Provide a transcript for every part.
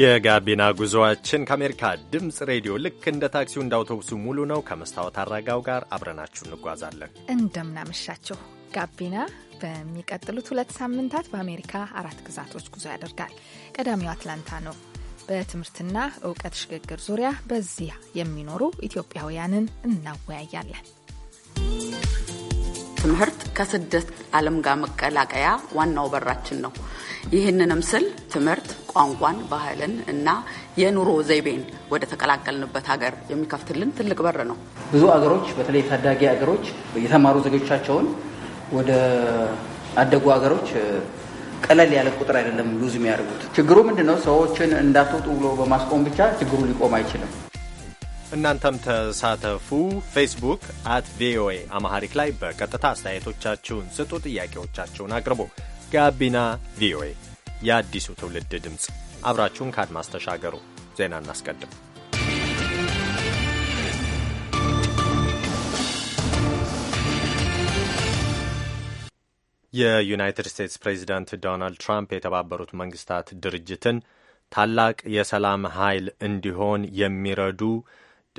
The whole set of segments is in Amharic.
የጋቢና ጉዞዋችን ከአሜሪካ ድምፅ ሬዲዮ ልክ እንደ ታክሲው እንደ አውቶቡሱ ሙሉ ነው። ከመስታወት አረጋው ጋር አብረናችሁ እንጓዛለን። እንደምናመሻችሁ። ጋቢና በሚቀጥሉት ሁለት ሳምንታት በአሜሪካ አራት ግዛቶች ጉዞ ያደርጋል። ቀዳሚው አትላንታ ነው። በትምህርትና እውቀት ሽግግር ዙሪያ በዚያ የሚኖሩ ኢትዮጵያውያንን እናወያያለን። ትምህርት ከስደት ዓለም ጋር መቀላቀያ ዋናው በራችን ነው። ይህንንም ስል ትምህርት ቋንቋን፣ ባህልን እና የኑሮ ዘይቤን ወደ ተቀላቀልንበት ሀገር የሚከፍትልን ትልቅ በር ነው። ብዙ አገሮች በተለይ ታዳጊ አገሮች የተማሩ ዜጎቻቸውን ወደ አደጉ አገሮች ቀለል ያለ ቁጥር አይደለም ሉዝ የሚያደርጉት። ችግሩ ምንድን ነው? ሰዎችን እንዳትወጡ ብሎ በማስቆም ብቻ ችግሩ ሊቆም አይችልም። እናንተም ተሳተፉ። ፌስቡክ አት ቪኦኤ አማሐሪክ ላይ በቀጥታ አስተያየቶቻችሁን ስጡ፣ ጥያቄዎቻችሁን አቅርቡ። ጋቢና ቪኦኤ የአዲሱ ትውልድ ድምፅ፣ አብራችሁን ከአድማስ ተሻገሩ። ዜና እናስቀድም። የዩናይትድ ስቴትስ ፕሬዚዳንት ዶናልድ ትራምፕ የተባበሩት መንግስታት ድርጅትን ታላቅ የሰላም ኃይል እንዲሆን የሚረዱ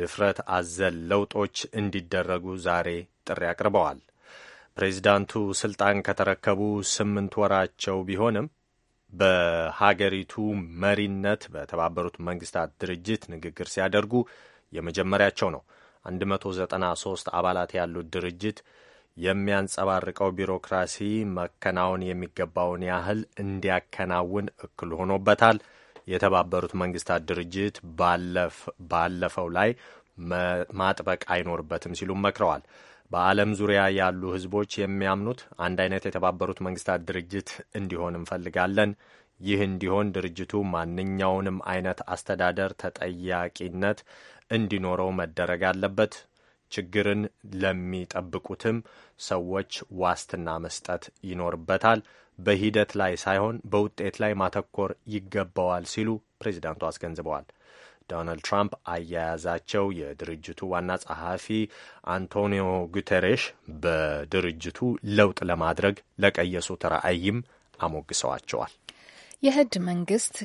ድፍረት አዘል ለውጦች እንዲደረጉ ዛሬ ጥሪ አቅርበዋል። ፕሬዚዳንቱ ስልጣን ከተረከቡ ስምንት ወራቸው ቢሆንም በሀገሪቱ መሪነት በተባበሩት መንግስታት ድርጅት ንግግር ሲያደርጉ የመጀመሪያቸው ነው። 193 አባላት ያሉት ድርጅት የሚያንጸባርቀው ቢሮክራሲ መከናወን የሚገባውን ያህል እንዲያከናውን እክል ሆኖበታል። የተባበሩት መንግስታት ድርጅት ባለፈው ላይ ማጥበቅ አይኖርበትም ሲሉም መክረዋል። በዓለም ዙሪያ ያሉ ህዝቦች የሚያምኑት አንድ አይነት የተባበሩት መንግስታት ድርጅት እንዲሆን እንፈልጋለን። ይህ እንዲሆን ድርጅቱ ማንኛውንም አይነት አስተዳደር ተጠያቂነት እንዲኖረው መደረግ አለበት። ችግርን ለሚጠብቁትም ሰዎች ዋስትና መስጠት ይኖርበታል። በሂደት ላይ ሳይሆን በውጤት ላይ ማተኮር ይገባዋል ሲሉ ፕሬዚዳንቱ አስገንዝበዋል። ዶናልድ ትራምፕ አያያዛቸው የድርጅቱ ዋና ጸሐፊ አንቶኒዮ ጉተሬሽ በድርጅቱ ለውጥ ለማድረግ ለቀየሱት ራዕይም አሞግሰዋቸዋል። የህድ መንግስት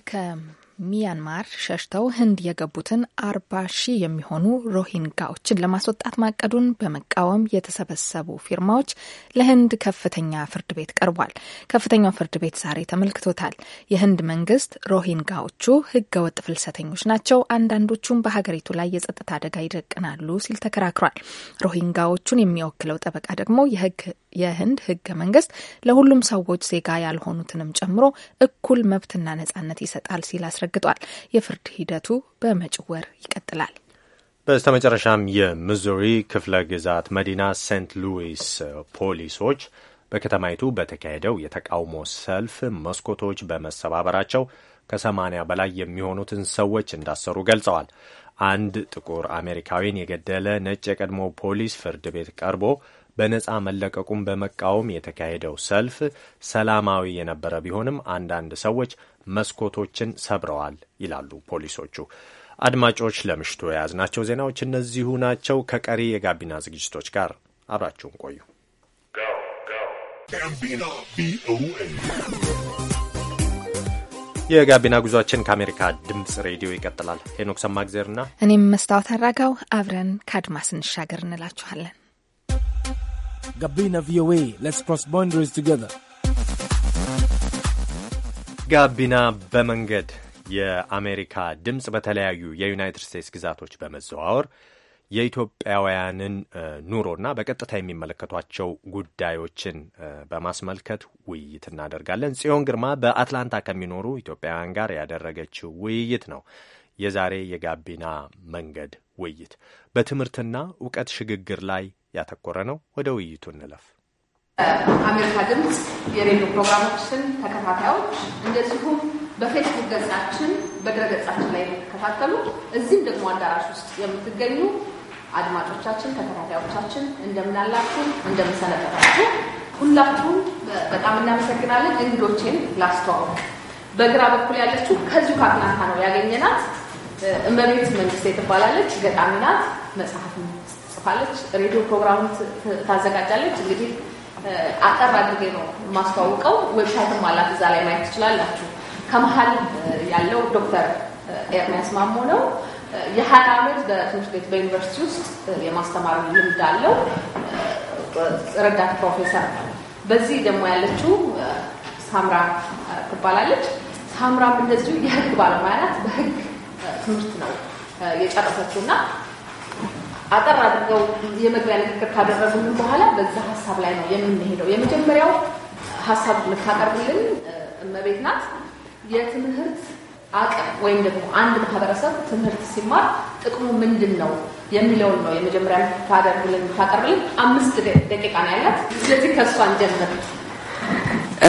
ሚያንማር ሸሽተው ህንድ የገቡትን አርባ ሺህ የሚሆኑ ሮሂንጋዎችን ለማስወጣት ማቀዱን በመቃወም የተሰበሰቡ ፊርማዎች ለህንድ ከፍተኛ ፍርድ ቤት ቀርቧል። ከፍተኛው ፍርድ ቤት ዛሬ ተመልክቶታል። የህንድ መንግስት ሮሂንጋዎቹ ህገወጥ ፍልሰተኞች ናቸው፣ አንዳንዶቹም በሀገሪቱ ላይ የጸጥታ አደጋ ይደቅናሉ ሲል ተከራክሯል። ሮሂንጋዎቹን የሚወክለው ጠበቃ ደግሞ የህግ የህንድ ህገ መንግስት ለሁሉም ሰዎች ዜጋ ያልሆኑትንም ጨምሮ እኩል መብትና ነጻነት ይሰጣል ሲል አስረግጧል። የፍርድ ሂደቱ በመጪው ወር ይቀጥላል። በስተመጨረሻም የሚዙሪ ክፍለ ግዛት መዲና ሴንት ሉዊስ ፖሊሶች በከተማይቱ በተካሄደው የተቃውሞ ሰልፍ መስኮቶች በመሰባበራቸው ከሰማንያ በላይ የሚሆኑትን ሰዎች እንዳሰሩ ገልጸዋል። አንድ ጥቁር አሜሪካዊን የገደለ ነጭ የቀድሞ ፖሊስ ፍርድ ቤት ቀርቦ በነፃ መለቀቁን በመቃወም የተካሄደው ሰልፍ ሰላማዊ የነበረ ቢሆንም አንዳንድ ሰዎች መስኮቶችን ሰብረዋል ይላሉ ፖሊሶቹ። አድማጮች፣ ለምሽቱ የያዝናቸው ዜናዎች እነዚሁ ናቸው። ከቀሪ የጋቢና ዝግጅቶች ጋር አብራችሁን ቆዩ። የጋቢና ጉዟችን ከአሜሪካ ድምፅ ሬዲዮ ይቀጥላል። ሄኖክ ሰማግዜርና እኔም መስታወት አድራጋው አብረን ከአድማስ እንሻገር እንላችኋለን። ጋቢና ቪኦኤ ሌትስ ክሮስ ቦንደሪስ ቱጌዘር። ጋቢና በመንገድ የአሜሪካ ድምፅ በተለያዩ የዩናይትድ ስቴትስ ግዛቶች በመዘዋወር የኢትዮጵያውያንን ኑሮና በቀጥታ የሚመለከቷቸው ጉዳዮችን በማስመልከት ውይይት እናደርጋለን። ጽዮን ግርማ በአትላንታ ከሚኖሩ ኢትዮጵያውያን ጋር ያደረገችው ውይይት ነው የዛሬ የጋቢና መንገድ ውይይት። በትምህርትና እውቀት ሽግግር ላይ ያተኮረ ነው። ወደ ውይይቱ እንለፍ። አሜሪካ ድምፅ የሬዲዮ ፕሮግራሞችን ተከታታዮች እንደዚሁም በፌስቡክ ገጻችን ገጻችን ላይ የምትከታተሉ እዚህም ደግሞ አዳራሽ ውስጥ የምትገኙ አድማጮቻችን ተከታታዮቻችን እንደምናላችሁ እንደምንሰነበታችሁ ሁላችሁም በጣም እናመሰግናለን። እንግዶቼን ላስተዋወቅ በግራ በኩል ያለችው ከዚሁ ከአትላንታ ነው ያገኘናት እመቤት መንግስቴ ትባላለች። ገጣሚ ናት። መጽሐፍ ትጽፋለች፣ ሬዲዮ ፕሮግራም ታዘጋጃለች። እንግዲህ አጠር አድርጌ ነው የማስተዋውቀው። ዌብሳይትም አላት፣ እዛ ላይ ማየት ትችላላችሁ። ከመሀል ያለው ዶክተር ኤርሚያስ ማሞ ነው። የሀያ ዓመት በትምህርት ቤት በዩኒቨርሲቲ ውስጥ የማስተማር ልምድ አለው። ረዳት ፕሮፌሰር በዚህ ደግሞ ያለችው ሳምራ ትባላለች። ሳምራም እንደዚሁ የህግ ባለሙያ ናት። በህግ ትምህርት ነው የጨረሰችው እና አጠር አድርገው የመግቢያ ንግግር ካደረጉልን በኋላ በዛ ሀሳብ ላይ ነው የምንሄደው። የመጀመሪያው ሀሳብ የምታቀርብልን እመቤት ናት። የትምህርት አቅም ወይም ደግሞ አንድ ማህበረሰብ ትምህርት ሲማር ጥቅሙ ምንድን ነው የሚለውን ነው የመጀመሪያ ታደርግልን ታቀርብልን። አምስት ደቂቃ ነው ያላት። ስለዚህ ከእሷ እንጀምር።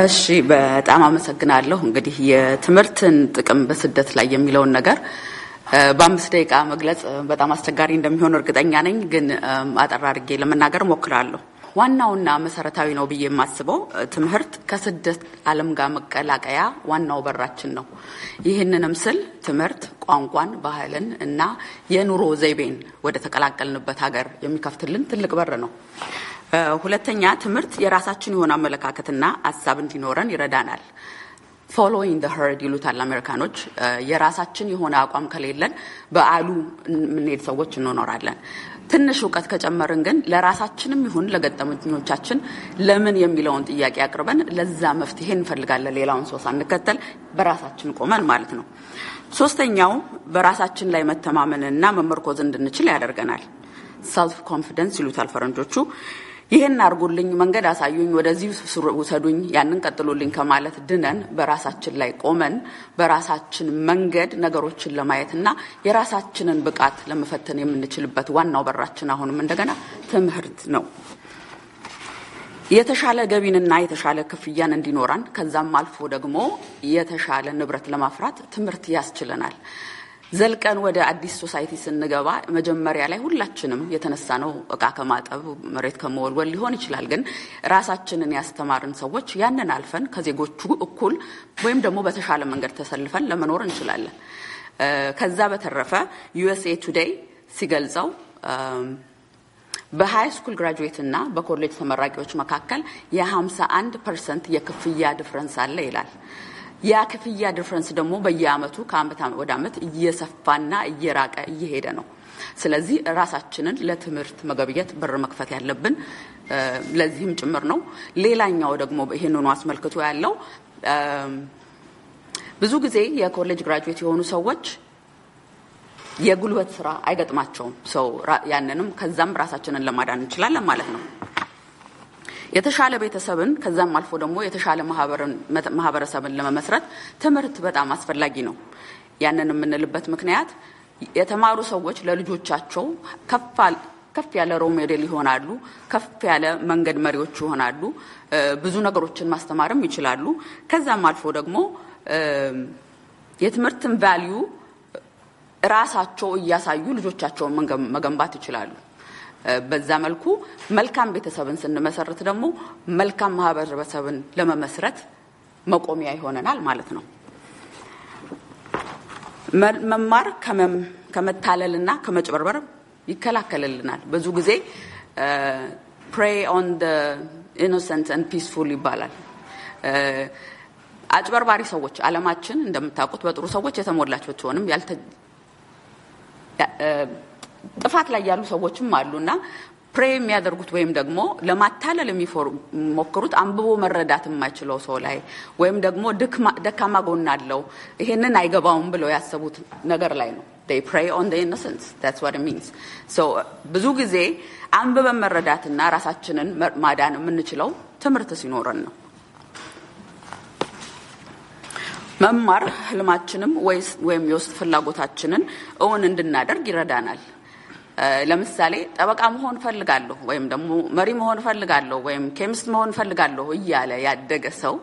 እሺ፣ በጣም አመሰግናለሁ። እንግዲህ የትምህርትን ጥቅም በስደት ላይ የሚለውን ነገር በአምስት ደቂቃ መግለጽ በጣም አስቸጋሪ እንደሚሆን እርግጠኛ ነኝ፣ ግን አጠር አድርጌ ለመናገር ሞክራለሁ። ዋናውና መሰረታዊ ነው ብዬ የማስበው ትምህርት ከስደት ዓለም ጋር መቀላቀያ ዋናው በራችን ነው። ይህንንም ስል ትምህርት ቋንቋን፣ ባህልን እና የኑሮ ዘይቤን ወደ ተቀላቀልንበት ሀገር የሚከፍትልን ትልቅ በር ነው። ሁለተኛ ትምህርት የራሳችን የሆነ አመለካከትና ሀሳብ እንዲኖረን ይረዳናል። ፎሎዊንግ ዘ ሄርድ ይሉታል አሜሪካኖች። የራሳችን የሆነ አቋም ከሌለን በአሉ የምንሄድ ሰዎች እንኖራለን። ትንሽ እውቀት ከጨመርን ግን ለራሳችንም ይሁን ለገጠመኞቻችን ለምን የሚለውን ጥያቄ አቅርበን ለዛ መፍትሄ እንፈልጋለን። ሌላውን ሰው ሳንከተል በራሳችን ቆመን ማለት ነው። ሶስተኛው በራሳችን ላይ መተማመንና መመርኮዝ እንድንችል ያደርገናል። ሰልፍ ኮንፊደንስ ይሉታል ፈረንጆቹ። ይህን አድርጉልኝ፣ መንገድ አሳዩኝ፣ ወደዚህ ውሰዱኝ፣ ያንን ቀጥሉልኝ ከማለት ድነን በራሳችን ላይ ቆመን በራሳችን መንገድ ነገሮችን ለማየትና የራሳችንን ብቃት ለመፈተን የምንችልበት ዋናው በራችን አሁንም እንደገና ትምህርት ነው። የተሻለ ገቢንና የተሻለ ክፍያን እንዲኖረን ከዛም አልፎ ደግሞ የተሻለ ንብረት ለማፍራት ትምህርት ያስችለናል። ዘልቀን ወደ አዲስ ሶሳይቲ ስንገባ መጀመሪያ ላይ ሁላችንም የተነሳ ነው እቃ ከማጠብ መሬት ከመወልወል ሊሆን ይችላል። ግን ራሳችንን ያስተማርን ሰዎች ያንን አልፈን ከዜጎቹ እኩል ወይም ደግሞ በተሻለ መንገድ ተሰልፈን ለመኖር እንችላለን። ከዛ በተረፈ ዩኤስኤ ቱዴይ ሲገልጸው በሃይ ስኩል ግራጁዌት እና በኮሌጅ ተመራቂዎች መካከል የ51 ፐርሰንት የክፍያ ዲፍረንስ አለ ይላል። ያ ክፍያ ዲፍረንስ ደግሞ በየአመቱ ከአመት ወደ አመት እየሰፋና እየራቀ እየሄደ ነው። ስለዚህ ራሳችንን ለትምህርት መገብየት በር መክፈት ያለብን ለዚህም ጭምር ነው። ሌላኛው ደግሞ ይህንኑ አስመልክቶ ያለው ብዙ ጊዜ የኮሌጅ ግራጁዌት የሆኑ ሰዎች የጉልበት ስራ አይገጥማቸውም። ሰው ያንንም ከዛም ራሳችንን ለማዳን እንችላለን ማለት ነው። የተሻለ ቤተሰብን ከዛም አልፎ ደግሞ የተሻለ ማህበረሰብን ለመመስረት ትምህርት በጣም አስፈላጊ ነው። ያንን የምንልበት ምክንያት የተማሩ ሰዎች ለልጆቻቸው ከፍ ያለ ሮል ሞዴል ይሆናሉ፣ ከፍ ያለ መንገድ መሪዎች ይሆናሉ፣ ብዙ ነገሮችን ማስተማርም ይችላሉ። ከዛም አልፎ ደግሞ የትምህርትን ቫሊዩ ራሳቸው እያሳዩ ልጆቻቸውን መገንባት ይችላሉ። በዛ መልኩ መልካም ቤተሰብን ስንመሰርት ደግሞ መልካም ማህበረሰብን ለመመስረት መቆሚያ ይሆነናል ማለት ነው። መማር ከመታለልና ከመጭበርበር ይከላከልልናል። ብዙ ጊዜ ፕሬይ ኦን ኢኖሰንት ኤንድ ፒስፉል ይባላል። አጭበርባሪ ሰዎች አለማችን እንደምታውቁት በጥሩ ሰዎች የተሞላች ብትሆንም ጥፋት ላይ ያሉ ሰዎችም አሉና ፕሬ የሚያደርጉት ወይም ደግሞ ለማታለል የሚሞክሩት አንብቦ መረዳት የማይችለው ሰው ላይ ወይም ደግሞ ደካማ ጎን አለው ይሄንን አይገባውም ብለው ያሰቡት ነገር ላይ ነው። ፕሬ ኦን ኢኖሰንስ ሚንስ ብዙ ጊዜ አንብበን መረዳትና ራሳችንን ማዳን የምንችለው ትምህርት ሲኖረን ነው። መማር ህልማችንም ወይም የውስጥ ፍላጎታችንን እውን እንድናደርግ ይረዳናል። ለምሳሌ ጠበቃ መሆን እፈልጋለሁ ወይም ደግሞ መሪ መሆን እፈልጋለሁ ወይም ኬሚስት መሆን እፈልጋለሁ እያለ ያደገ ሰው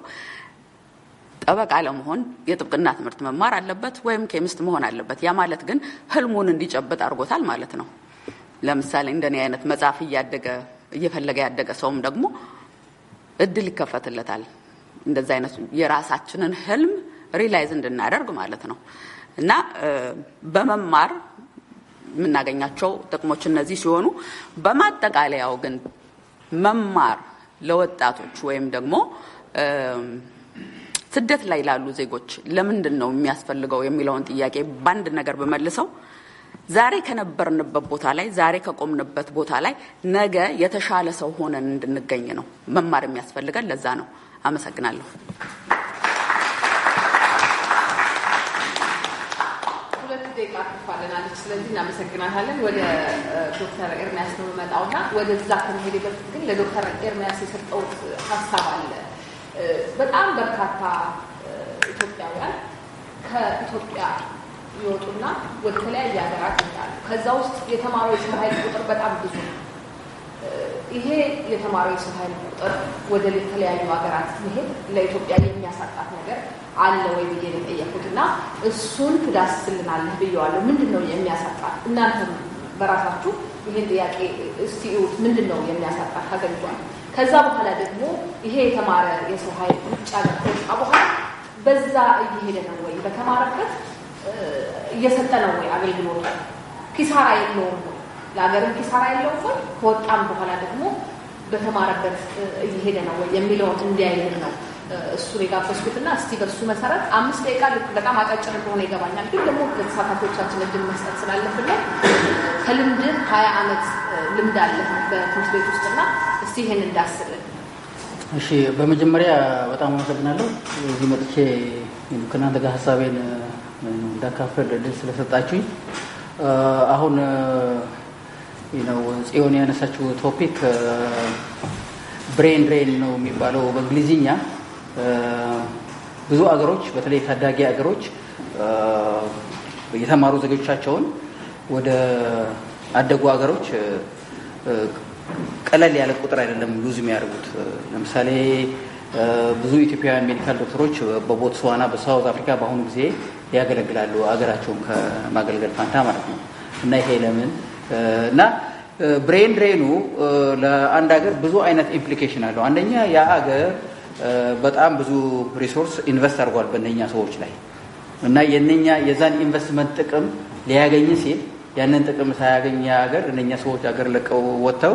ጠበቃ ለመሆን የጥብቅና ትምህርት መማር አለበት ወይም ኬሚስት መሆን አለበት። ያ ማለት ግን ህልሙን እንዲጨብጥ አድርጎታል ማለት ነው። ለምሳሌ እንደኔ አይነት መጽሐፍ እያደገ እየፈለገ ያደገ ሰውም ደግሞ እድል ይከፈትለታል። እንደዚ አይነት የራሳችንን ህልም ሪላይዝ እንድናደርግ ማለት ነው እና በመማር የምናገኛቸው ጥቅሞች እነዚህ ሲሆኑ በማጠቃለያው ግን መማር ለወጣቶች ወይም ደግሞ ስደት ላይ ላሉ ዜጎች ለምንድን ነው የሚያስፈልገው የሚለውን ጥያቄ በአንድ ነገር ብመልሰው? ዛሬ ከነበርንበት ቦታ ላይ ዛሬ ከቆምንበት ቦታ ላይ ነገ የተሻለ ሰው ሆነን እንድንገኝ ነው መማር የሚያስፈልገን። ለዛ ነው። አመሰግናለሁ። እናመሰግናታለን። ወደ ዶክተር ኤርሚያስ ነው የምመጣውና ወደዛ ከመሄድ በፊት ግን ለዶክተር ኤርሚያስ የሰጠውት ሀሳብ አለ። በጣም በርካታ ኢትዮጵያውያን ከኢትዮጵያ ይወጡና ወደ ተለያየ ሀገራት ይሄዳሉ። ከዛ ውስጥ የተማሪዎች ኃይል ቁጥር በጣም ብዙ ነው። ይሄ የተማሪዎች የሰው ኃይል ቁጥር ወደ የተለያዩ ሀገራት መሄድ ለኢትዮጵያ የሚያሳጣት ነገር አለ ወይ ብዬ ነው የጠየኩት እና እሱን ትዳስስልናለህ ብየዋለሁ። ምንድን ነው የሚያሳጣት? እናንተም በራሳችሁ ይህን ጥያቄ እስቲ እዩት። ምንድን ነው የሚያሳጣት ሀገሪቷል? ከዛ በኋላ ደግሞ ይሄ የተማረ የሰው ኃይል ውጭ ሀገር ከወጣ በኋላ በዛ እየሄደ ነው ወይ? በተማረበት እየሰጠ ነው ወይ አገልግሎቱ? ኪሳራ የለውም ለሀገርም ኪሳራ ያለው እፎይ፣ ከወጣም በኋላ ደግሞ በተማረበት እየሄደ ነው ወይ የሚለውን እንዲያይልን ነው እሱን የጋበዝኩትና እስቲ በሱ መሰረት አምስት ደቂቃ ልክ በጣም አጫጭር እንደሆነ ይገባኛል፣ ግን ደግሞ ከተሳታፊዎቻችን እድል መስጠት ስላለብን ነው። ሀያ አመት ልምድ አለ በትምህርት ቤት ውስጥ ውስጥና እስቲ ይህን እንዳስብን። እሺ፣ በመጀመሪያ በጣም አመሰግናለሁ እዚህ መጥቼ ከእናንተ ጋር ሀሳቤን እንዳካፈል እድል ስለሰጣችሁኝ አሁን ነው ጽዮን ያነሳችው ቶፒክ ብሬን ድሬን ነው የሚባለው በእንግሊዝኛ። uh, ብዙ አገሮች በተለይ ታዳጊ አገሮች uh, የተማሩ ዜጎቻቸውን ወደ አደጉ አገሮች uh, ቀለል ያለ ቁጥር አይደለም ሉዝ የሚያደርጉት። ለምሳሌ ብዙ ኢትዮጵያውያን ሜዲካል ዶክተሮች በቦትስዋና በሳውዝ አፍሪካ በአሁኑ ጊዜ ያገለግላሉ አገራቸውን ከማገልገል ፋንታ ማለት ነው እና ይሄ ለምን Uh, እና ብሬን uh, ድሬኑ uh, ለአንድ ሀገር ብዙ አይነት ኢምፕሊኬሽን አለው። አንደኛ ያ ሀገር በጣም ብዙ ሪሶርስ ኢንቨስት አድርጓል በእነኛ ሰዎች ላይ እና የነኛ የዛን ኢንቨስትመንት ጥቅም ሊያገኝ ሲል ያንን ጥቅም ሳያገኝ ያ ሀገር እነኛ ሰዎች ሀገር ለቀው ወጥተው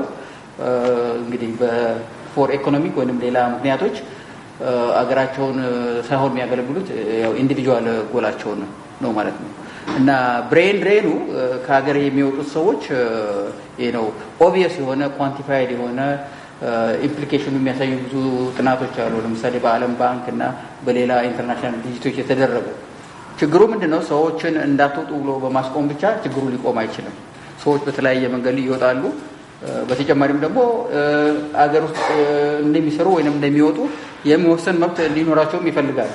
እንግዲህ በፎር ኢኮኖሚክ ወይንም ሌላ ምክንያቶች አገራቸውን ሳይሆን የሚያገለግሉት ኢንዲቪጁዋል ጎላቸውን ነው ማለት ነው። እና ብሬን ድሬኑ ከሀገር የሚወጡት ሰዎች ነው ኦቪየስ የሆነ ኳንቲፋይድ የሆነ ኢምፕሊኬሽኑ የሚያሳዩ ብዙ ጥናቶች አሉ። ለምሳሌ በዓለም ባንክ እና በሌላ ኢንተርናሽናል ድርጅቶች የተደረጉ። ችግሩ ምንድን ነው? ሰዎችን እንዳትወጡ ብሎ በማስቆም ብቻ ችግሩ ሊቆም አይችልም። ሰዎች በተለያየ መንገድ ይወጣሉ። በተጨማሪም ደግሞ አገር ውስጥ እንደሚሰሩ ወይም እንደሚወጡ የመወሰን መብት ሊኖራቸውም ይፈልጋል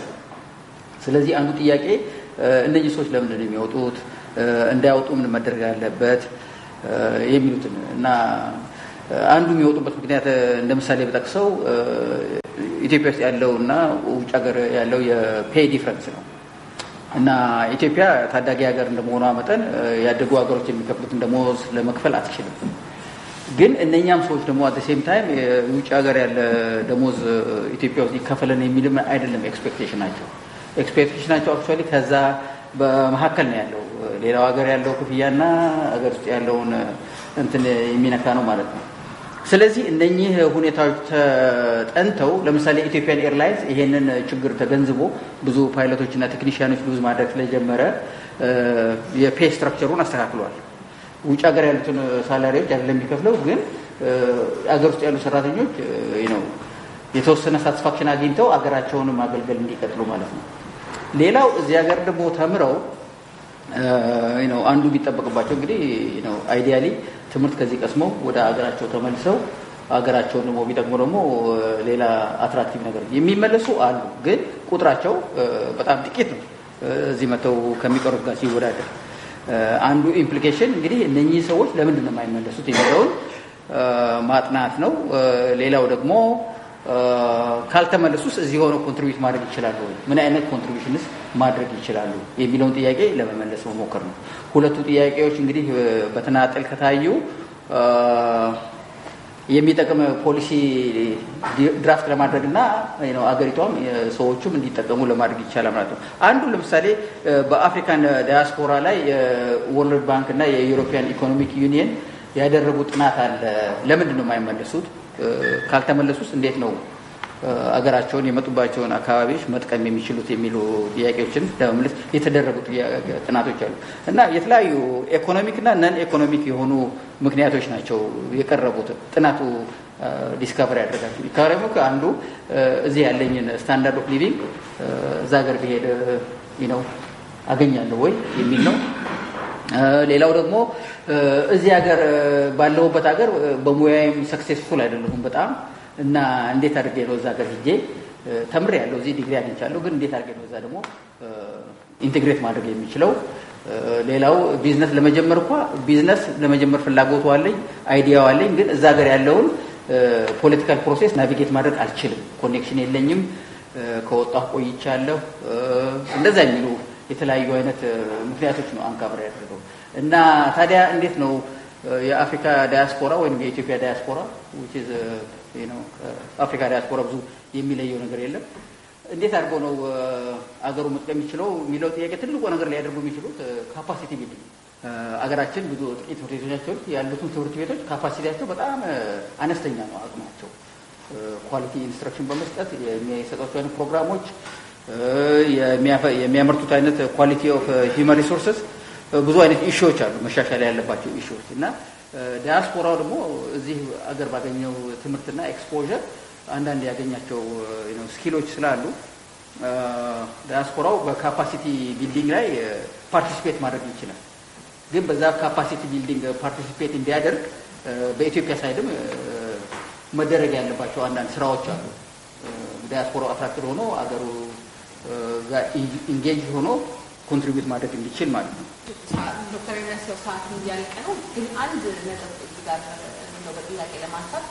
ስለዚህ አንዱ ጥያቄ እነዚህ ሰዎች ለምንድን ነው የሚወጡት? እንዳያወጡ ምን መደረግ አለበት? የሚሉትን እና አንዱ የሚወጡበት ምክንያት እንደ ምሳሌ በጠቅሰው ኢትዮጵያ ውስጥ ያለው እና ውጭ ሀገር ያለው የፔይ ዲፍረንስ ነው እና ኢትዮጵያ ታዳጊ ሀገር እንደመሆኗ መጠን ያደጉ ሀገሮች የሚከፍሉትን ደሞዝ ለመክፈል አትችልም። ግን እነኛም ሰዎች ደግሞ አት ሴም ታይም የውጭ ሀገር ያለ ደሞዝ ኢትዮጵያ ውስጥ ይከፈለን የሚልም አይደለም ኤክስፔክቴሽን ናቸው። ኤክስፔክቴሽናቸው አክቹዋሊ ከዛ በመካከል ነው ያለው። ሌላው ሀገር ያለው ክፍያና ሀገር ውስጥ ያለውን እንትን የሚነካ ነው ማለት ነው። ስለዚህ እነኚህ ሁኔታዎች ተጠንተው ለምሳሌ ኢትዮጵያን ኤርላይንስ ይሄንን ችግር ተገንዝቦ ብዙ ፓይለቶችና ቴክኒሽያኖች ሉዝ ማድረግ ስለጀመረ የፔ ስትራክቸሩን አስተካክሏል። ውጭ ሀገር ያሉትን ሳላሪዎች ያለ የሚከፍለው ግን አገር ውስጥ ያሉ ሰራተኞች ነው የተወሰነ ሳትስፋክሽን አግኝተው አገራቸውንም አገልገል እንዲቀጥሉ ማለት ነው። ሌላው እዚህ ሀገር ደግሞ ተምረው አንዱ ቢጠበቅባቸው እንግዲህ አይዲያሊ ትምህርት ከዚህ ቀስመው ወደ ሀገራቸው ተመልሰው ሀገራቸውን ደግሞ ቢጠቅሙ ደግሞ ሌላ አትራክቲቭ ነገር የሚመለሱ አሉ። ግን ቁጥራቸው በጣም ጥቂት ነው እዚህ መተው ከሚቀሩት ጋር ሲወዳደር። አንዱ ኢምፕሊኬሽን እንግዲህ እነኚህ ሰዎች ለምንድን ነው የማይመለሱት የሚለውን ማጥናት ነው። ሌላው ደግሞ ካልተመለሱ ውስጥ እዚህ ሆነው ኮንትሪቢዩት ማድረግ ይችላሉ ወይ፣ ምን አይነት ኮንትሪቢዩሽንስ ማድረግ ይችላሉ የሚለውን ጥያቄ ለመመለስ መሞከር ነው። ሁለቱ ጥያቄዎች እንግዲህ በተናጠል ከታዩ የሚጠቅም ፖሊሲ ድራፍት ለማድረግ እና አገሪቷም ሰዎቹም እንዲጠቀሙ ለማድረግ ይቻላል ማለት ነው። አንዱ ለምሳሌ በአፍሪካን ዳያስፖራ ላይ የወርልድ ባንክ እና የዩሮፒያን ኢኮኖሚክ ዩኒየን ያደረጉ ጥናት አለ። ለምንድን ነው የማይመለሱት? ካልተመለሱስ እንዴት ነው አገራቸውን የመጡባቸውን አካባቢዎች መጥቀም የሚችሉት የሚሉ ጥያቄዎችን ለመመለስ የተደረጉ ጥናቶች አሉ እና የተለያዩ ኢኮኖሚክና ነን ኢኮኖሚክ የሆኑ ምክንያቶች ናቸው የቀረቡት ጥናቱ ዲስካቨሪ ያደረጋቸው ኢኮኖሚ አንዱ እዚህ ያለኝን ስታንዳርድ ኦፍ ሊቪንግ እዛ ሀገር ብሄድ ነው አገኛለሁ ወይ የሚል ነው። ሌላው ደግሞ እዚህ ሀገር ባለሁበት ሀገር በሙያዬም ሰክሴስፉል አይደለሁም በጣም እና እንዴት አድርጌ ነው እዛ ሀገር ሂጄ ተምሬ ያለው እዚህ ዲግሪ አግኝቻለሁ፣ ግን እንዴት አድርጌ ነው እዛ ደግሞ ኢንቴግሬት ማድረግ የሚችለው? ሌላው ቢዝነስ ለመጀመር እኳ ቢዝነስ ለመጀመር ፍላጎቱ አለኝ፣ አይዲያው አለኝ፣ ግን እዛ ሀገር ያለውን ፖለቲካል ፕሮሴስ ናቪጌት ማድረግ አልችልም፣ ኮኔክሽን የለኝም፣ ከወጣሁ ቆይቻለሁ፣ እንደዛ የሚሉ የተለያዩ አይነት ምክንያቶች ነው አንካብር ያደርገው እና ታዲያ እንዴት ነው የአፍሪካ ዳያስፖራ ወይም የኢትዮጵያ ዳያስፖራ አፍሪካ ዳያስፖራ ብዙ የሚለየው ነገር የለም። እንዴት አድርጎ ነው አገሩ መጥቀም የሚችለው የሚለው ጥያቄ ትልቁ ነገር ሊያደርጉ የሚችሉት ካፓሲቲ ቢልድ አገራችን ብዙ ጥቂት ትምህርት ቤቶቻቸው ያሉትን ትምህርት ቤቶች ካፓሲቲያቸው በጣም አነስተኛ ነው አቅማቸው። ኳሊቲ ኢንስትራክሽን በመስጠት የሚሰጧቸው አይነት ፕሮግራሞች የሚያመርቱት አይነት ኳሊቲ ኦፍ ሂውማን ሪሶርስስ ብዙ አይነት ኢሹዎች አሉ መሻሻል ያለባቸው ኢሹዎች እና ዳያስፖራው ደግሞ እዚህ አገር ባገኘው ትምህርትና ኤክስፖዠር አንዳንድ ያገኛቸው ስኪሎች ስላሉ ዳያስፖራው በካፓሲቲ ቢልዲንግ ላይ ፓርቲሲፔት ማድረግ ይችላል። ግን በዛ ካፓሲቲ ቢልዲንግ ፓርቲሲፔት እንዲያደርግ በኢትዮጵያ ሳይድም መደረግ ያለባቸው አንዳንድ ስራዎች አሉ። ዳያስፖራው አትራክትድ ሆኖ አገሩ ኢንጌጅ ሆኖ ኮንትሪቢዩት ማድረግ እንዲችል ማለት ነው። ዶክተር ኤርሚያስ ሰዓት እንዲያልቀ ነው፣ ግን አንድ ነጥብ ጋር ነው በጥያቄ ለማንሳት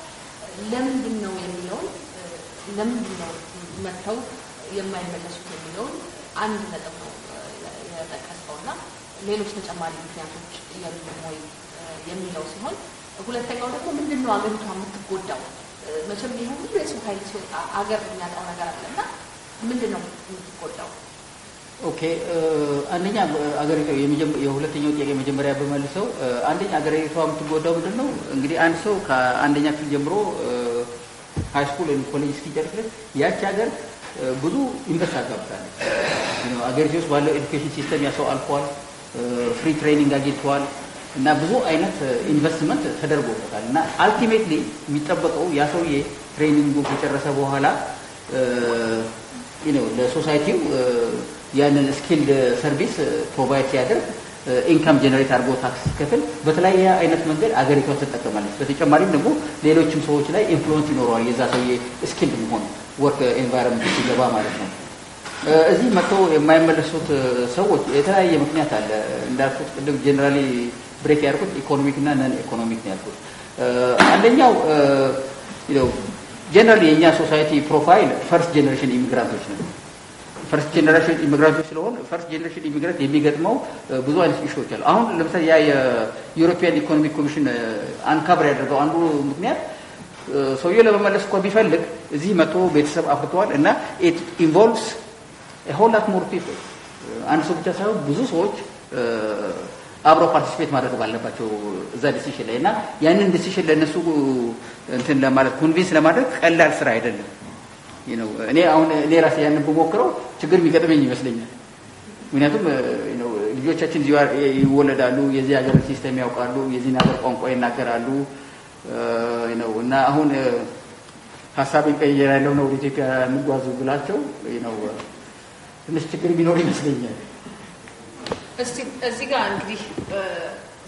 ለምንድን ነው የሚለውን ለምንድን ነው መጥተው የማይመለሱት የሚለውን አንድ ነጥብ ነው የጠቀስከው እና ሌሎች ተጨማሪ ምክንያቶች የሉም ወይ የሚለው ሲሆን ሁለተኛው ደግሞ ምንድን ነው አገሪቷ የምትጎዳው? መቼም ይህ ሁሉ የሰው ኃይል ሲወጣ አገር የሚያጣው ነገር አለና ምንድን ነው የምትጎዳው? ኦኬ አንደኛ አገሪቷ የሁለተኛው ጥያቄ መጀመሪያ በመልሰው አንደኛ አገሪቷ የምትጎዳው ምንድን ነው? እንግዲህ አንድ ሰው ከአንደኛ ክፍል ጀምሮ ሃይስኩል ወይም ኮሌጅ እስኪጨርስ ድረስ ያቺ ሀገር ብዙ ኢንቨስት አጋብታለች። አገሪቱ ውስጥ ባለው ኤዱኬሽን ሲስተም ያሰው አልፏል፣ ፍሪ ትሬኒንግ አግኝተዋል እና ብዙ አይነት ኢንቨስትመንት ተደርጎበታል እና አልቲሜትሊ የሚጠበቀው ያ ሰውዬ ትሬኒንጉ ከጨረሰ በኋላ ለሶሳይቲው ያንን ስኪልድ ሰርቪስ ፕሮቫይድ ሲያደርግ ኢንካም uh, ጀነሬት አድርጎ ታክስ ሲከፍል በተለያየ አይነት መንገድ አገሪቷ ትጠቀማለች። በተጨማሪም ደግሞ ሌሎችም ሰዎች ላይ ኢንፍሉዌንስ ይኖረዋል። የዛ ሰውዬ ስኪልድ መሆን ወርክ ኤንቫይሮንመንት ሲገባ ማለት ነው። uh, እዚህ መጥተው የማይመለሱት uh, ሰዎች የተለያየ ምክንያት አለ። እንዳልኩት ቅድም ጀነራሊ ብሬክ ያልኩት ኢኮኖሚክ እና ነን ኢኮኖሚክ ነው ያልኩት። አንደኛው ጀነራሊ የእኛ ሶሳይቲ ፕሮፋይል ፈርስት ጀኔሬሽን ኢሚግራንቶች ነው። ፈርስት ጄኔሬሽን ኢሚግራንቶች ስለሆን ፈርስት ጄኔሬሽን ኢሚግራንት የሚገጥመው ብዙ አይነት ኢሹዎች አሉ። አሁን ለምሳሌ ያ የዩሮፒያን ኢኮኖሚክ ኮሚሽን አንካብር ያደርገው አንዱ ምክንያት ሰውየው ለመመለስ እኮ ቢፈልግ እዚህ መቶ ቤተሰብ አፍርተዋል እና ኢት ኢንቮልቭስ ሆላት ሞር ፒፕል አንድ ሰው ብቻ ሳይሆን ብዙ ሰዎች አብረው ፓርቲሲፔት ማድረግ ባለባቸው እዛ ዲሲሽን ላይ እና ያንን ዲሲሽን ለእነሱ እንትን ለማለት ኮንቪንስ ለማድረግ ቀላል ስራ አይደለም። ነው። እኔ አሁን እኔ ራሴ ያንን ብሞክረው ችግር የሚገጥመኝ ይመስለኛል። ምክንያቱም ልጆቻችን ይወለዳሉ፣ የዚህ ሀገር ሲስተም ያውቃሉ፣ የዚህን ሀገር ቋንቋ ይናገራሉ ነው uh, እና አሁን uh, ሀሳቤን ቀይር ያለው ነው ወደ ኢትዮጵያ የምጓዙ ብላቸው ነው uh, ትንሽ ችግር ቢኖር ይመስለኛል። እስቲ እዚህ ጋር እንግዲህ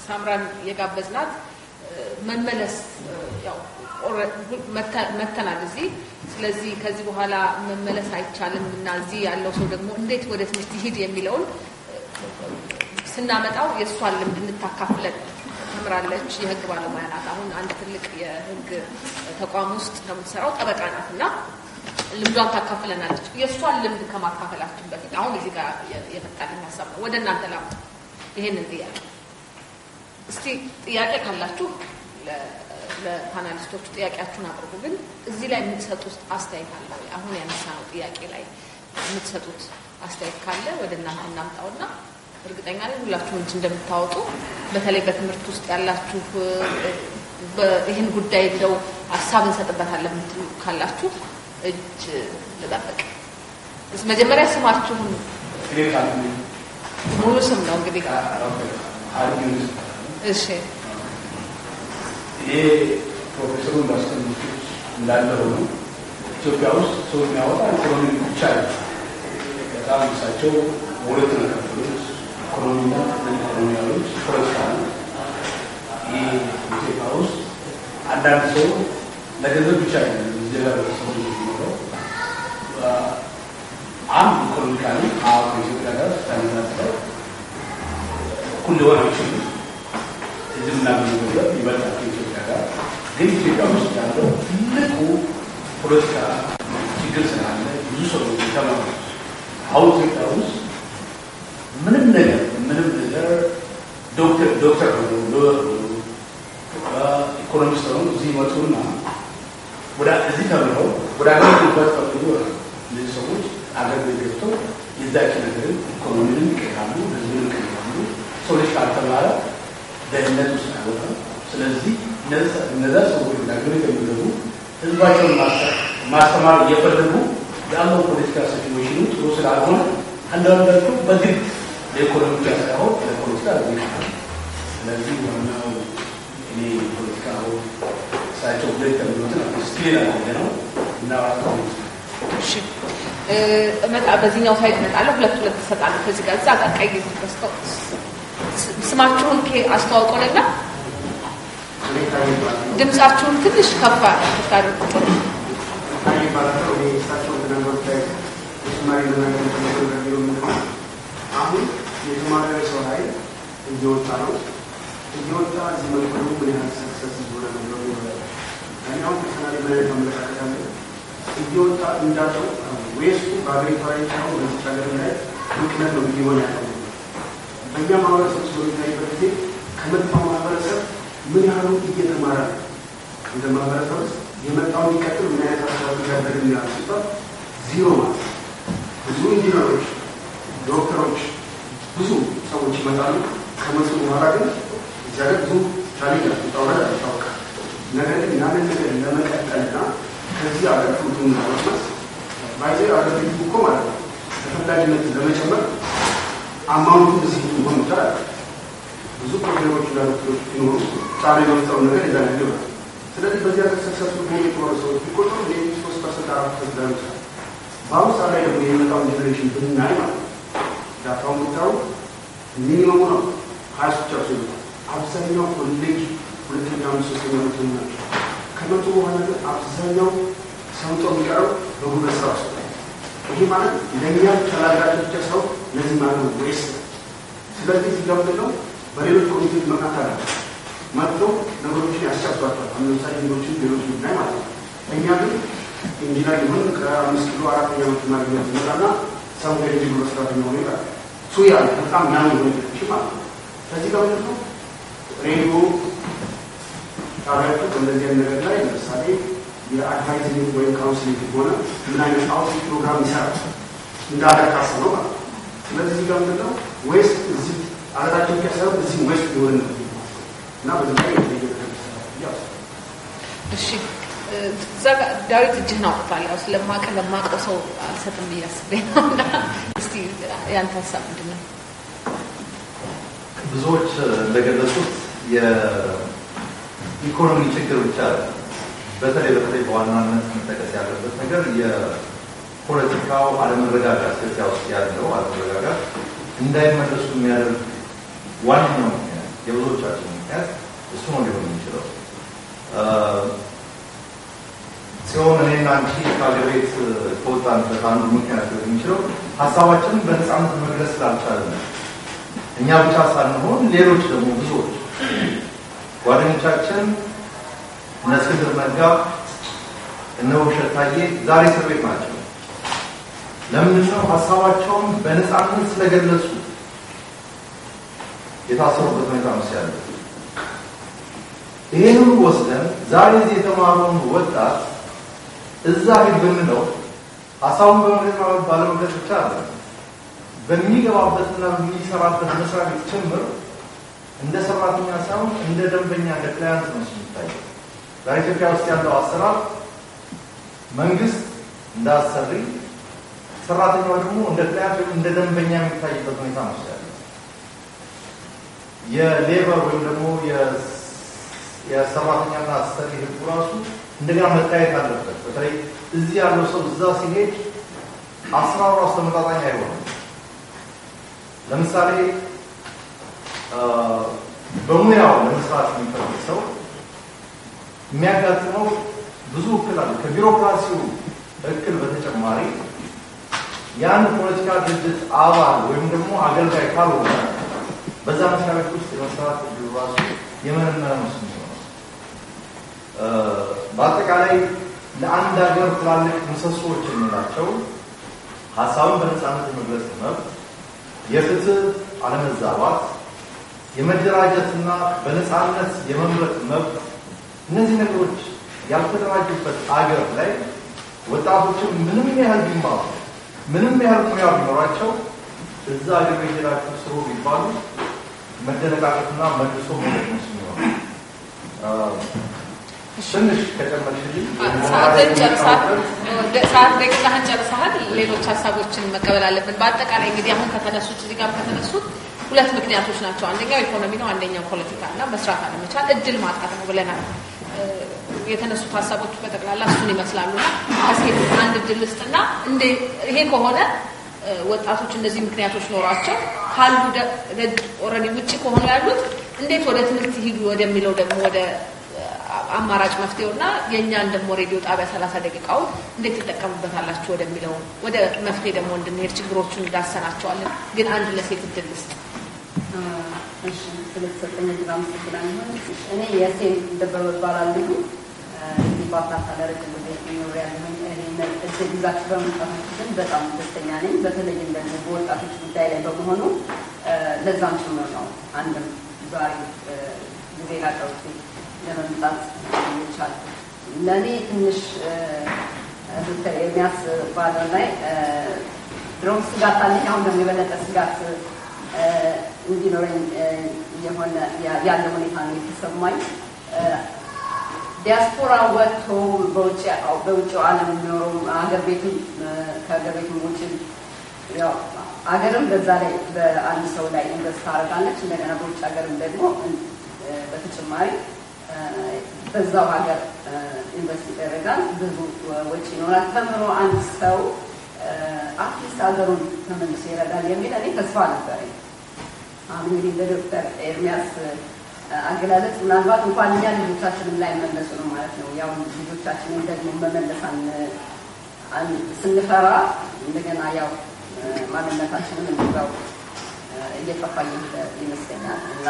ሳምራን የጋበዝናት መመለስ ያው መተናል እዚህ። ስለዚህ ከዚህ በኋላ መመለስ አይቻልም እና እዚህ ያለው ሰው ደግሞ እንዴት ወደ ትምህርት ይሂድ የሚለውን ስናመጣው የእሷን ልምድ እንድታካፍለን ትምራለች። የህግ ባለሙያ ናት። አሁን አንድ ትልቅ የህግ ተቋም ውስጥ ነው የምትሰራው፣ ጠበቃ ናት እና ልምዷን ታካፍለናለች። የእሷን ልምድ ከማካፈላችን በፊት አሁን እዚህ ጋር የመጣልኝ ሀሳብ ነው፣ ወደ እናንተ ላ ይሄንን ጥያቄ። እስቲ ጥያቄ ካላችሁ ለፓናሊስቶቹ ጥያቄያችሁን አቅርቡ። ግን እዚህ ላይ የምትሰጡት አስተያየት አለ ወይ? አሁን ያነሳነው ጥያቄ ላይ የምትሰጡት አስተያየት ካለ ወደ እናንተ እናምጣውና እርግጠኛ ነኝ ሁላችሁ እጅ እንደምታወጡ በተለይ በትምህርት ውስጥ ያላችሁ ይህን ጉዳይ እንደው ሀሳብ እንሰጥበታለን የምትሉ ካላችሁ እጅ ልጠብቅ። መጀመሪያ ስማችሁን ሙሉ ስም ነው እንግዲህ። እሺ ይሄ ፕሮፌሰሩ እንዳስቀምጡት እንዳለ ሆኖ ኢትዮጵያ ውስጥ ሰው የሚያወጣ ኢኮኖሚ ብቻ ነው። በጣም እሳቸው ሁለት ነው የከፈሉት፣ ኢኮኖሚና ኢኮኖሚ ፖለቲካ ነው። ይህ ኢትዮጵያ ውስጥ አንዳንድ ሰው ለገንዘብ ብቻ ነው እዚህ ጋር ሰው የሚኖረው አንድ ኢኮኖሚካሊ ከኢትዮጵያ ጋር ስታነጻጽረው እኩል ሊሆን አይችልም። እዚህ ምናምን ገንዘብ ይበልጣል ግን ኢትዮጵያ ውስጥ ያለው ትልቁ ፖለቲካ ችግር ስላለ ብዙ ሰዎች ተማሩ። አሁን ኢትዮጵያ ውስጥ ምንም ነገር ምንም ነገር ዶክተር ዶክተር ሆኖ ሎየር ሆኖ ኢኮኖሚስት ሆኖ እዚህ ይመጡና ወደ እዚህ ተምረው ወደ አገር ግባት ፈልጉ እነዚህ ሰዎች አገር ቤት ገብተው የዛች ነገርን ኢኮኖሚንም ይቀራሉ ህዝብንም ይቀራሉ ሰው ልጅ ካልተማረ ደህንነት ውስጥ አይወጣም። ስለዚህ እነዛ ሰዎች ሀገሪቱ የሚገቡ ህዝባቸውን ማስተማር እየፈለጉ ያለው ፖለቲካ ሲትዌሽኑ ጥሩ ስላልሆነ አንዳንዳቸው በግድ ለኢኮኖሚ ሳይሆን ለፖለቲካ ዝ ስለዚህ ዋናው እኔ ፖለቲካ እሳቸው ሁለት የሚሉትን ስክሪን አለ ነው እና በዚህኛው ሳይት እመጣለሁ። ሁለት ሁለት እሰጣለሁ። ከዚህ ጋር እዛ ጋር ቀይ ስማችሁን አስተዋውቀውንና ድምጻችሁን ትንሽ ከፍ አድርጉ። አሁን የተማሪያዊ ሰው እየወጣ ነው እየወጣ ምን ያህል እየወጣ እንዳለው ዌስቱ በሀገሪቷ ላይ ሳይሆን በዚች ሀገር ላይ ነው በእኛ ማህበረሰብ ጊዜ ከመጥፋ ማህበረሰብ ምን ያህሉ እየተማረ እንደ ማህበረሰብ ውስጥ የመጣው የሚቀጥል ምን አይነት አስተዋጽኦ ያደረግ የሚላል ሲባል ዚሮ ማለት ብዙ ኢንጂነሮች፣ ዶክተሮች፣ ብዙ ሰዎች ይመጣሉ። ከመሱ በኋላ ግን እዚያ ብዙ ታሪክ ያስጣውረድ ይታወቃል። ነገር ግን ያንን ነገር ለመቀጠልና ከዚህ አገር ትምህርቱን ለመስማት ባይዜ አገር እኮ ማለት ነው ተፈላጊነት ለመጨመር አማውንቱ እዚህ ሆን ይቻላል ብዙ ፕሮግራሞች እና ነገሮች ቢኖሩ ጫና ነገር የዛን ጊዜ ስለዚህ በዚህ ሀገር ሰክሰስፉል ሰዎች ቢቆጥሩ ይ ሶስት ፐርሰንት አራት ፐርሰንት ዳን ይችላል። በአሁኑ ሰዓት ላይ ደግሞ የመጣውን ጀኔሬሽን ብናይ ማለት ነው ዳታውን ሚኒመሙ ነው ሀያ ሶስት አብዛኛው ኮሌጅ ሁለተኛ አምስት ሶስተኛ ሁለተኛ በኋላ ግን አብዛኛው ሰምጦ የሚቀረው በጉልበት ስራ ውስጥ ይሄ ማለት ለእኛም ተላላቸው ሰው ለዚህ ማለት ነው ስለዚህ በሌሎች ኮሚቴዎች መካከል መጥቶ ነገሮችን ያስቸባቸዋል። ለምሳሌ ሌሎችን ሌሎች ጉዳይ ማለት ነው። እኛ ግን ኢንጂነር ሊሆን ከአምስት ኪሎ አራተኛ መኪና ሊሆን ይመጣና ሰው ከእንጂ ብሎ ስራት ሊሆኑ ይላል። እሱ ያለ በጣም ያን ሆነ ማለት ነው። ከዚህ ጋር ምንድን ነው ሬዲዮ ጣቢያቱ በእንደዚህ አይነት ነገር ላይ ለምሳሌ የአድቫይዝንግ ወይም ካውንስሊንግ ሆነ ምን አይነት አውት ፕሮግራም ይሰራል እንዳለ ካሰ ነው ማለት ነው። ስለዚህ ጋር ምንድን ነው ወይስ እዚህ አረታቸው ከሰው እዚህ ወስጥ ይሆን ነው እና በዚህ እሺ እዛ ጋር ዳዊት እጅህን አውጥቷል። ያው ስለማቀ ለማውቀው ሰው አልሰጥም እያስቤ ነው እስቲ ያንተ ሀሳብ ምንድን ነው? ብዙዎች እንደገለጹት የኢኮኖሚ ችግር ብቻ በተለይ በተለይ በዋናነት መጠቀስ ያለበት ነገር የፖለቲካው አለመረጋጋት ኢትዮጵያ ውስጥ ያለው አለመረጋጋት እንዳይመለሱ የሚያደርግ ዋነኛው ምክንያት የብዙዎቻችን ምክንያት እሱ ነው ሊሆን የሚችለው። ሲሆን እኔና አንቺ ከሀገር ቤት ከወጣንበት አንዱ ምክንያት ሊሆን የሚችለው ሀሳባችንን በነፃነት መግለጽ ስላልቻለን እኛ ብቻ ሳንሆን ሌሎች ደግሞ ብዙዎች ጓደኞቻችን እነ እስክንድር ነጋ እነ ውብሸት ታዬ ዛሬ እስር ቤት ናቸው። ለምንድነው? ሀሳባቸውን በነፃነት ስለገለጹ የታሰሩበት ሁኔታ ነው ያለ። ይህንም ወስደን ዛሬ እዚህ የተማረውን ወጣት እዛ ሂድ ብንለው አሳውን በመግለጽ ባለመግለጽ ብቻ አለ በሚገባበትና በሚሰራበት መስሪያ ቤት ጭምር እንደ ሰራተኛ ሳይሆን እንደ ደንበኛ እንደ ነው የሚታየው። ዛሬ ኢትዮጵያ ውስጥ ያለው አሰራር መንግስት እንዳሰሪ፣ ሰራተኛው ደግሞ እንደ ክላያንት እንደ ደንበኛ የሚታይበት ሁኔታ ነው ያለው። የሌበር ወይም ደግሞ የሰራተኛና አሰሪ ህጉ ራሱ እንደገና መታየት አለበት። በተለይ እዚህ ያለው ሰው እዛ ሲሄድ አስራሩ ራሱ ተመጣጣኝ አይሆንም። ለምሳሌ በሙያው ለመስራት የሚፈልግ ሰው የሚያጋጥመው ብዙ እክል አለ። ከቢሮክራሲው እክል በተጨማሪ ያን ፖለቲካ ድርጅት አባል ወይም ደግሞ አገልጋይ ካልሆነ በዛ መሰረት ውስጥ የመስራት እድሉ ራሱ የመረመረ መስሉ በአጠቃላይ ለአንድ ሀገር ትላልቅ ምሰሶዎች የምንላቸው ሀሳብን በነፃነት የመግለጽ መብት፣ የፍትህ አለመዛባት፣ የመደራጀትና በነፃነት የመምረጥ መብት እነዚህ ነገሮች ያልተደራጁበት አገር ላይ ወጣቶችን ምንም ያህል ቢማሩ ምንም ያህል ሙያ ቢኖራቸው እዛ ሀገር ሄዳችሁ ስሩ ቢባሉ መደነቃቀትና መልሶ መለስ ነው። ትንሽ ከጨመርሽልኝ ጨርሰሃል። ሌሎች ሀሳቦችን መቀበል አለብን። በአጠቃላይ እንግዲህ አሁን ከተነሱት እዚህ ጋር ከተነሱት ሁለት ምክንያቶች ናቸው። አንደኛው ኢኮኖሚ ነው፣ አንደኛው ፖለቲካ እና መስራት አለመቻል እድል ማጣት ነው ብለናል። የተነሱት ሀሳቦች በጠቅላላ እሱን ይመስላሉ። ከሴት አንድ እድል ውስጥና ይሄ ከሆነ ወጣቶች እነዚህ ምክንያቶች ኖሯቸው ካሉ ኦልሬዲ ውጭ ከሆኑ ያሉት እንዴት ወደ ትምህርት ሂዱ ወደሚለው ደግሞ ወደ አማራጭ መፍትሄውና የእኛን ደግሞ ሬዲዮ ጣቢያ ሰላሳ ደቂቃው እንዴት ይጠቀሙበታላችሁ ወደሚለው ወደ መፍትሄ ደግሞ እንድንሄድ ችግሮቹን እንዳሰናቸዋለን። ግን አንድ ለሴት እድል ውስጥ ስለተሰጠኝ እድል አመሰግናለሁ። እኔ የሴን ደበበ እባላለሁ። ባታ ረጅም ጊዜ ኖር ያለሁኝ እድል ይዛችሁ በመምጣታችሁ በጣም ደስተኛ ነኝ። በተለይም ደግሞ በወጣቶች ጉዳይ ላይ በመሆኑ ለዛም ጭምር ነው አንድም ዛሬ ጊዜ ላቀውት ለመምጣት ይቻል ለእኔ ትንሽ ዶክተር ኤርሚያስ የሚያስባለው ላይ ድሮም ስጋት አለኝ፣ አሁን ደግሞ የበለጠ ስጋት እንዲኖረኝ የሆነ ያለ ሁኔታ ነው የተሰማኝ። ዲያስፖራ ወጥቶ በውጭ በውጭ ዓለም የሚኖሩ አገር ቤትም ከአገር ቤትም ውጭ አገርም በዛ ላይ በአንድ ሰው ላይ ኢንቨስት ታደርጋለች። እንደገና በውጭ ሀገርም ደግሞ በተጨማሪ በዛው ሀገር ኢንቨስት ይደረጋል። ብዙ ወጪ ይኖራል። ተምሮ አንድ ሰው አርቲስት ሀገሩን ተመልሶ ይረዳል የሚል እኔ ተስፋ ነበረኝ። አሁን እንግዲህ እንደ ዶክተር ኤርሚያስ አገላለጽ ምናልባት እንኳን እኛ ልጆቻችንም ላይ መለሱ ነው ማለት ነው። ያው ልጆቻችንን ደግሞ መመለሳን ስንፈራ እንደገና ያው ማንነታችንን እንዲዛው እየጠፋ ይመስለኛል እና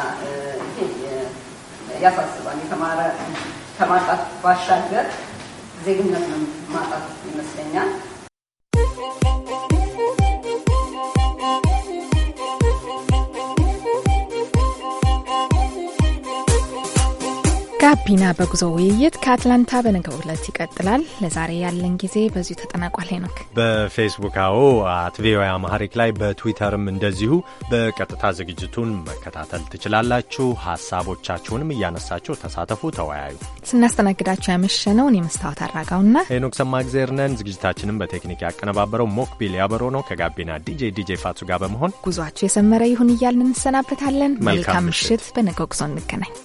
ይሄ ያሳስባል። የተማረ ከማጣት ባሻገር ዜግነት ማጣት ይመስለኛል። ጋቢና በጉዞ ውይይት ከአትላንታ በነገው ዕለት ይቀጥላል። ለዛሬ ያለን ጊዜ በዚሁ ተጠናቋል። ሄኖክ በፌስቡክ አዎ አት ቪኦኤ አማሪክ ላይ በትዊተርም እንደዚሁ በቀጥታ ዝግጅቱን መከታተል ትችላላችሁ። ሀሳቦቻችሁንም እያነሳችሁ ተሳተፉ፣ ተወያዩ። ስናስተናግዳችሁ ያመሸነውን የመስታወት አራጋውና ሄኖክ ሰማእግዜር ነን። ዝግጅታችንም በቴክኒክ ያቀነባበረው ሞክቢል ያበሮ ነው። ከጋቢና ዲጄ ዲጄ ፋቱ ጋር በመሆን ጉዟችሁ የሰመረ ይሁን እያልን እንሰናበታለን። መልካም ምሽት። በነገው ጉዞ እንገናኝ።